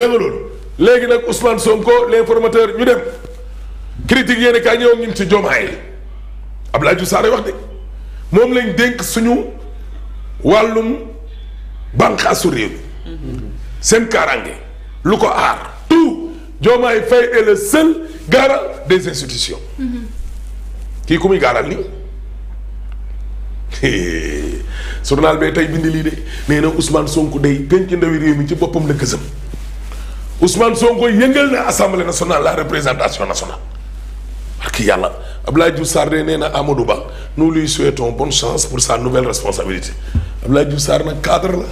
dégg loolu léegi nag Ousmane Sonko l'informateur ñu dem critique yéen kaay ñëw ngi ci Jomaay Abdoulaye Diouf Sarr wax de moom lañ dénk suñu wàllum bànqaasu réew seen kaaraange lu ko aar tout Jomaay Faye est le seul garant des institutions. kii ku muy gaaral nii journal bi tey bind lii de nee na Ousmane Sonko day penc ndawi réew mi ci boppam la gësam. Ousmane Sonko yëngal na assemblée nationale la représentation nationale parce que yàlla Abdoulaye Diouf Sarr de nee na Amadou Ba nous lui souhaitons bonne chance pour sa nouvelle responsabilité Abdoulaye Diouf saar nag cadre la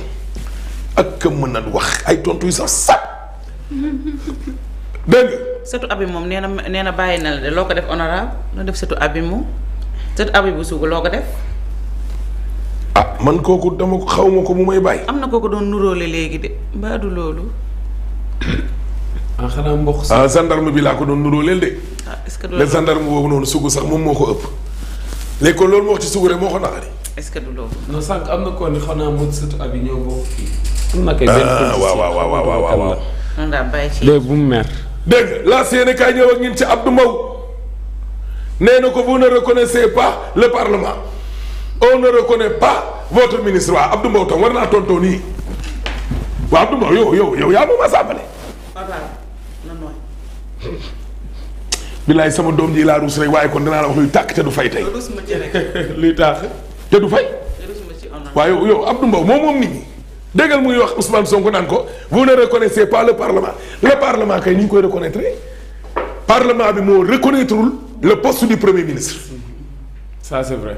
ak ka mën a wax ay tontu yu sax sap dégg nga. abi moom nee na nee na bàyyi na la de loo ko def honorable loo def sëtu abi moom sëtu abi bu suugu loo ko def. ah man kooku dama xaw ma ko mu may bàyyi. am na kooku doon nuróole léegi de mbaadu loolu. Ah, ah, ah, am na koo ne xanaa moom surtout abi ñoo bokk fii. am na waaw waaw waaw waaw waaw. bu mu mer. dégg laa séen kaay ñëw ak ñun ci Abdou Mbow. nee ko vous ne reconnaissez pas le parlement. on ne reconnaît pas votre ministre waaw Abdou Mbow yow yow yow yaa moom assemblée. bilaay sama doom ji laa ruus rek waaye kon dinaa la wax luy tàkk te du fay tey. luy tàkk te du fay. waaye yow Abdou Mbow moom moom nit ñi déggal muy wax Ousmane Sonko naan ko vous ne reconnaissez pas le parlement le parlement kay ni ñu koy reconnaître parlement bi moo reconnaîtrewul le poste du premier ministre. ça c'est vrai.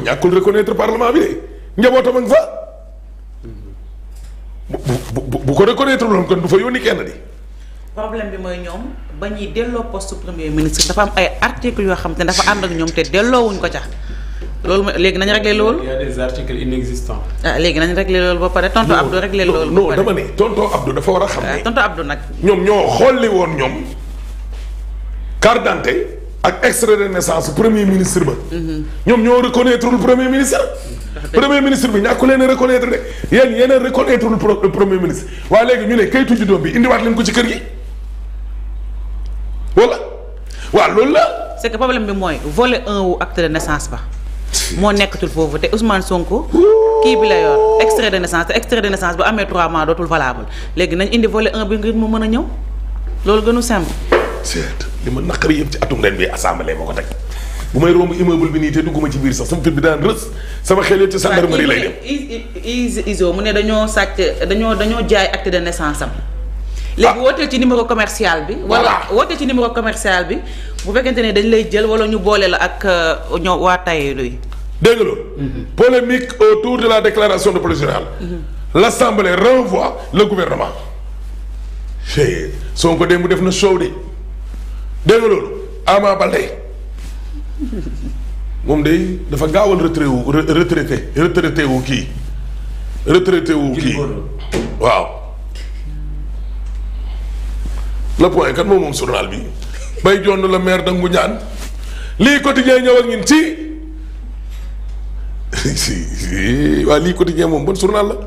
ñàkkul reconnaître parlement bi de njabootam ak fa. bu bu ko reconnaître loon kon du fa yónni kenn di. problème bi mooy ñoom bañ ñuy delloo poste premier ministre dafa am ay articles yoo xam te ne dafa ànd ak ñoom te delloowuñ ko ca loolu mooy léegi nañu réglé loolu. il y a des articles inexistants. ah léegi nañu réglé loolu ba pare tonton Abdou réglé loolu. non dama ne tonton Abdou dafa war a xam ah, ne. tonton Abdou nag. ñoom ñoo xolli woon ñoom carte d'identité ak extrait de naissance premier ministre ba. ñoom ñoo reconnaître le premier ministre. premier ministre bi ñàkk leen a reconnaître de yéen yéen a reconnaître le premier ministre waaye léegi ñu ne kayitu juddoom bi indiwaat leen ko ci kër gi wala waaw loolu la. c'est que problème bi mooy volet un wu acte de naissance ba. moo nekkatul foofu te Ousmane Sonko. kii bi la yor extrait de naissance te extrait de naissance bu amee trois mois dootul valable léegi nañ indi volet un bi ngir mu a ñëw loolu gënu simple. li ma naqari yëpp ci atum ren bi assemblée moo ko teg bu may bi nii te dugguma ci biir sax sama fit bi daan rës sama mu ne dañoo sàcc dañoo dañoo jaay acte de naissance am. léegi ah. wooteel ci numéro commercial bi. wala wooteel ci numéro commercial bi bu fekkente ne dañ lay jël wala ñu boole la ak euh, ñoo waa tayeelu yi. dégg mhm. polémique autour de la déclaration de politique générale. Mhm. l' assemblée renvoie le gouvernement. Sonko mu def na soow de. dégg nga loolu Ama Baldé moom de dafa gaawal retraité wu retraité retraité wu kii retraité wu kii waaw le point kan moom moom journal bi bay jonn la maire dangu ñaan lii quotidien ñëw ak ñun ci si waa lii quotidien moom bon journal la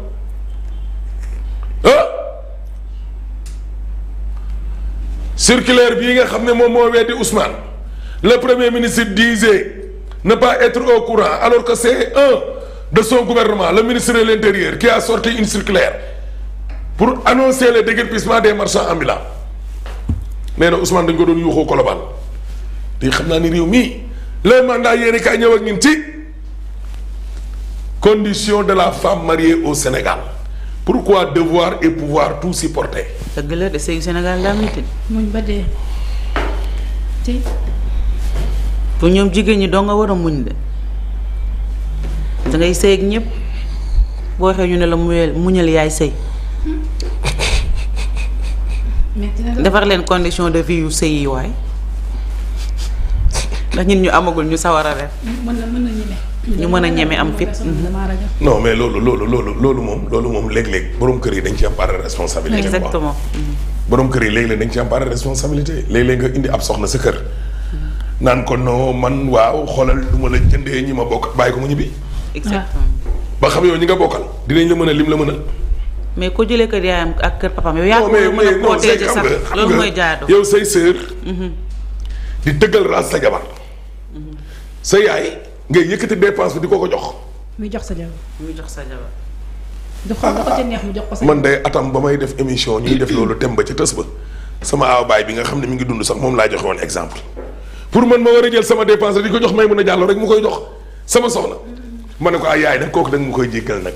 circulaire bii nga xam ne moom moo weddi Ousmane le premier ministre disait ne pas être au courant alors que c'est un de son gouvernement le ministre de l'intérieur ki a sorti une circulaire pour annoncer le déguerpissement des marchands ambulants nee na Ousmane dañ ko doon yuuxoo Colobane di xam naa ni réew mii le mandat yéeni kaay ñëw ak ñun ci condition de la femme mariée au Sénégal pourquoi devoir et pouvoir tout supporter dëgg la de sëyu Sénégal daa métti muñ ba dee ñoom jigéen ñi doo nga war a muñ de dangay sëy ak ñëpp boo waxee ne la muñal muñal yaay sëy defar leen condition de vie yu sëy yi waay ndax ñun ñu amagul ñu sawar a def mën ñu mën a ñeme am fit. Mm-hmm. no mais loolu loolu loolu loolu moom loolu moom léeg-léeg borom kër yi dañ ci am part de responsabilité. exactement mm-hmm. borom kër yi léeg-léeg dañ ci am part de responsabilité léeg-léeg nga indi ab soxna sa kër. Mm-hmm. naan ko non man waaw xoolal du ma la jëndee ñi ma bokk bàyyi ko mu ñibbi. exactement ba xam yow ñi nga bokkal dinañ la mën a lim la mën a. mais ku jële kër yaayam ak kër papaam yow. yaa ko mën a protéger sax loolu mooy jaadu yow say sœur. di dëggal raas sa jabar ngay yëkkati dépense bi di ko ko jox. muy jox sa jabar jox sa jabar. di xool da ko man de atam ba may def émission ñuy def loolu temb ba ca tës ba. sama aw baay bi nga xam ne mu ngi dund sax moom laa joxe woon exemple pour man ma war a jël sama dépense di ko jox may mën a jàll rek mu koy jox sama soxna. ma ne ko ay yaay nag kooku nag mu koy jéggal nag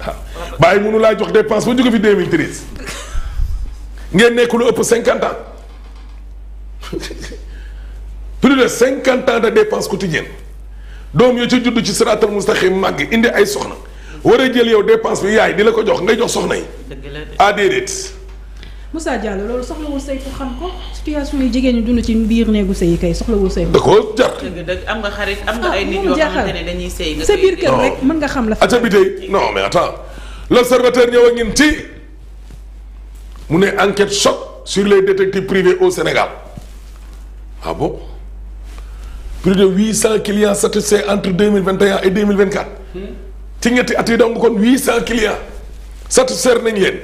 waaw bàyyi mënu laay jox dépense ba jóge fi 2013 ngeen nekk lu ëpp 50 ans plus de 50 ans de dépense quotidienne. doom yo ca judd ci siraatal mustaqim màgg indi ay soxna war a jël yow dépense bi yaay di la ko jox ngay jox soxna yi. ah déedéet. Moussa Diallo loolu soxlawul sëy ku xam ko situation yi jigéen ñi dund ci biir néegu sëy kay soxlawul sëy. da koo jar. dëgg dëgg am nga xarit nga ah, ay nit yoo xamante ne dañuy sëy nga sa biir kër rek mën nga xam la. fa ah, bi tey non mais attends l'observateur ñëw ak ñun ci mu ne enquête choc sur les détectives privés au Sénégal ah plus de huit cent clients satisfaits entre deux mille vingt et un et mille vingt quatre ci ñetti at yi donc kon huit cent clients satisfaire nañ leen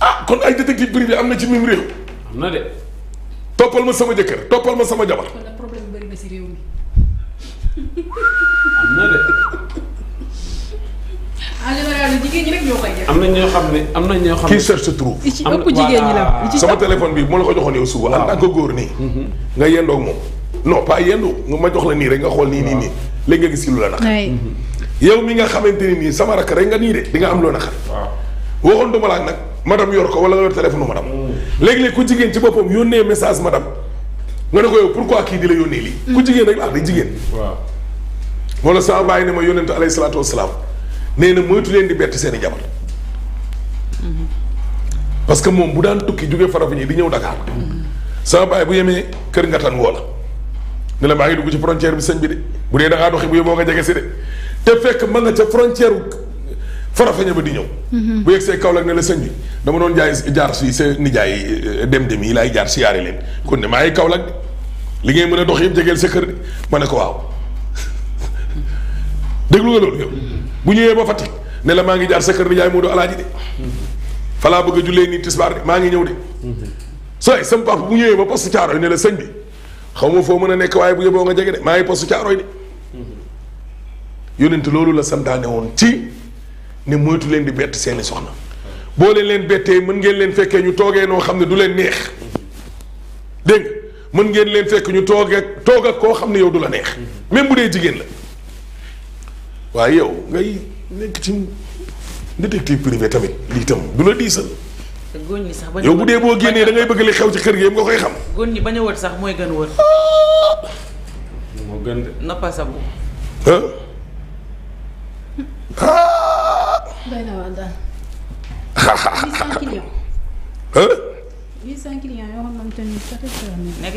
ah kon ay détective privé am na ci même réew. na de. toppal ma sama jëkkër toppal ma sama jabar. kon nag si réew am na ñoo xam ne am na ñoo xam ne. qui trouve. ci ëpp jigéen ñi la sama téléphone bi moo la ko joxoon yow suba. en tant góor nii. Mm-hmm. nga yendoog moom. non pas yendu ma jox la nii rek xool nii nii nii léegi nga gis ci lu la naqari. Mm-hmm. yow mi nga xamante ne nii sama rakk rek nga nii de di nga am loo naqari. waaw waxoon dama laaj nag madame yor ko wala nga yor téléphone madame. Mm. léegi léeg ku jigéen ci boppam yónnee message madame nga ne ko yow pourquoi kii di la yónnee lii. Mm. ku jigéen rek la di jigéen. waaw wala sama bàyyi ne ma yónnente alayhi salaatu wasalaam nee na moytu leen di bett seen i jabar parce que moom bu daan tukki jógee Farafenni di ñëw Dakar. sama baay bu yemee kër ngatan tan woo la ne maa ngi dugg ci frontière bi sëñ bi de bu dee da dox doxi bu yóbboo nga jege si ca frontière Farafenni ba di ñëw. Mhm. bu yegsee la sëñ dama doon jaay jaar si sa nijaay euh, dem dem yi laay jaar leen kon ne maa li ngay mën a dox yëpp jegeel sa kër ma ne ko waaw déglu nga loolu yow mhm. bu ñëwee ba Fatick ne la maa ngi jaar sa kër nijaay Modou Alaaji de. Mhm. falaa bëgg a jullee nii tisbaar de maa ngi ñëw de sooy sam papa bu ñëwee ba postu caaroy ne la sëñ bi xaw ma foo mën a nekk waaye bu yóbboo nga jege de maa ngi postu caaroy de yónent loolu la santaane woon ci ni moytu leen di bett seeni soxna boo leen leen bettee mën ngeen leen fekkee ñu toogee noo xam ne du leen neex dégg mën ngeen leen fekk ñu toog ak toog ak koo xam ne yow du la neex même bu dee jigéen la waaye yow ngay nekk ci détective privé tamit lii tam du la diisal. góor ñi sax yow bu dee boo génnee dangay bëgg li xew ci kër gi yëpp nga koy xam. góor ni bañ a wër sax mooy gën wër. moo gën de. nappa sabu. ah. na waa daal.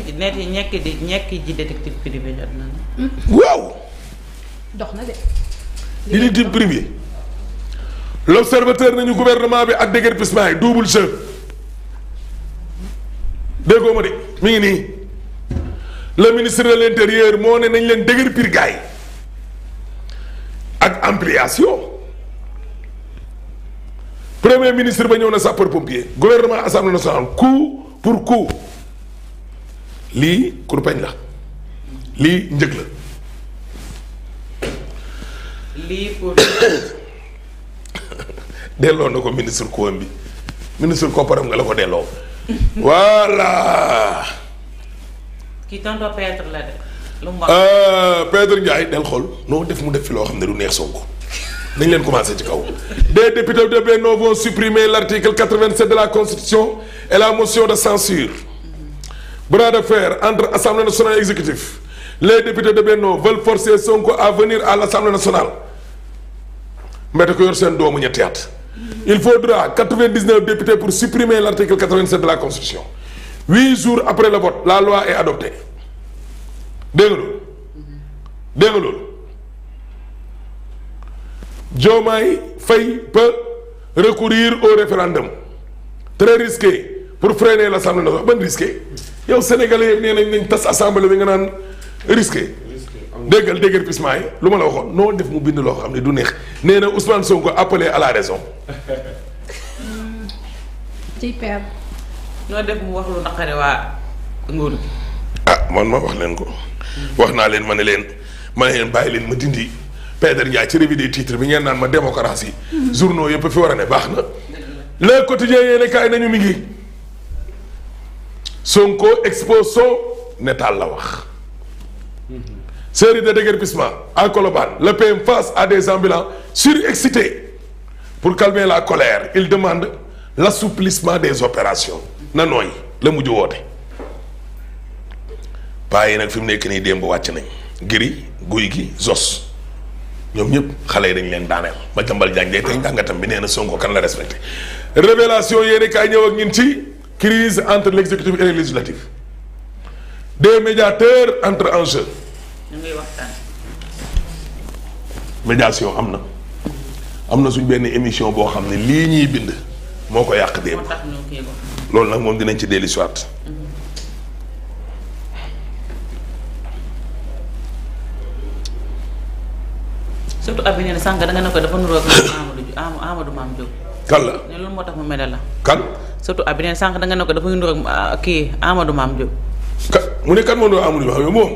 nekk ci nekk ñekk ji détective privé jot na la. waaw. dox na de. détective privé. l'observateur nañu gouvernement bi ak déguerpissement yi double jeu déggoo ma de mi ngi nii le ministre de l'intérieur moo ne nañ leen déguerpir gars yi ak ampliation premier ministre ba ñëw na sapeur pompier gouvernement assemblée nationale coup pour coup lii kurpeñ la lii njëg la. lii pour. delloo na ko ministre koom bi ministre kopparam nga la ko delloo. voilà. kii tonton Petre la de. lu mu wax euh, Petre Ndiaye del xool noo def mu def fi loo xam ne du neex Sonko nañ leen commencé ci kaw des députés de Benno vont supprimer l'article 87 de la constitution et la motion de censure bras de fer entre assemblée nationale et exécutif les députés de Benno veulent forcer Sonko à venir à l'assemblée nationale mbete ko yor seen doomu ñetti at il faudra 99 députés pour supprimer l'article 87 de la Constitution huit jours après le vote la loi est adoptée dégg nga loolu dégg nga loolu Diomaye Faye peut recourir au référendum très risqué pour freiner l'Assemblée nationale ban risqué yow sénégalais yëpp nee nañ nañ tas assemblée bi nga naan risqué déggal déguerpissement yi lu ma la waxoon noo def mu bind loo xam ne du neex nee na Ousmane Sonko appelé à la raison. noo def mu wax lu naqare waa nguur gi. ah man ma wax leen ko. wax naa leen ma ne leen ma ne leen bàyyi leen ma dindi Peder Ndiaye ci revue titre bi ngeen naan ma démocratie. journaux yëpp fi war a ne baax na. le quotidien yéen kaay nañu mi ngi. Sonko expose son netal la wax. série de déguerpissement à Colobane le PM face à des ambulants surexcités pour calmer la colère il demande l'assouplissement des opérations na nooy la mujj woote paa nag fi mu nekk nii démb wàcc nañ giri guy gi zos ñoom ñëpp xale yi dañ leen daaneel ma jambal jaañ day tey jàngatam bi nee na Sonko kan la respecté révélation yéeni kaay ñëw ak ñun ci crise entre l'exécutif et législatif des médiateurs entre en jeu. ñu ngi waxtaan. médiation am na. am na suñ benn émission boo xam ne lii ñuy bind moo ko yàq démb. loolu nag moom dinañ ci dellu siwaat surtout ab neen sànq da ne ko dafa nuróo Amadou Amadou Mame Diop. kan la ne loolu moo tax mu mel la. kan. surtout ab yeneen sànq da nga ne ko dafa nuróo ah, kii Amadou Mame Diop. mu ne kan moo doon Amadou Ba yow moom.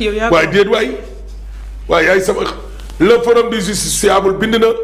yow yaa ko waaye déet waay waaye yaay sama le forum du justiciable bind na.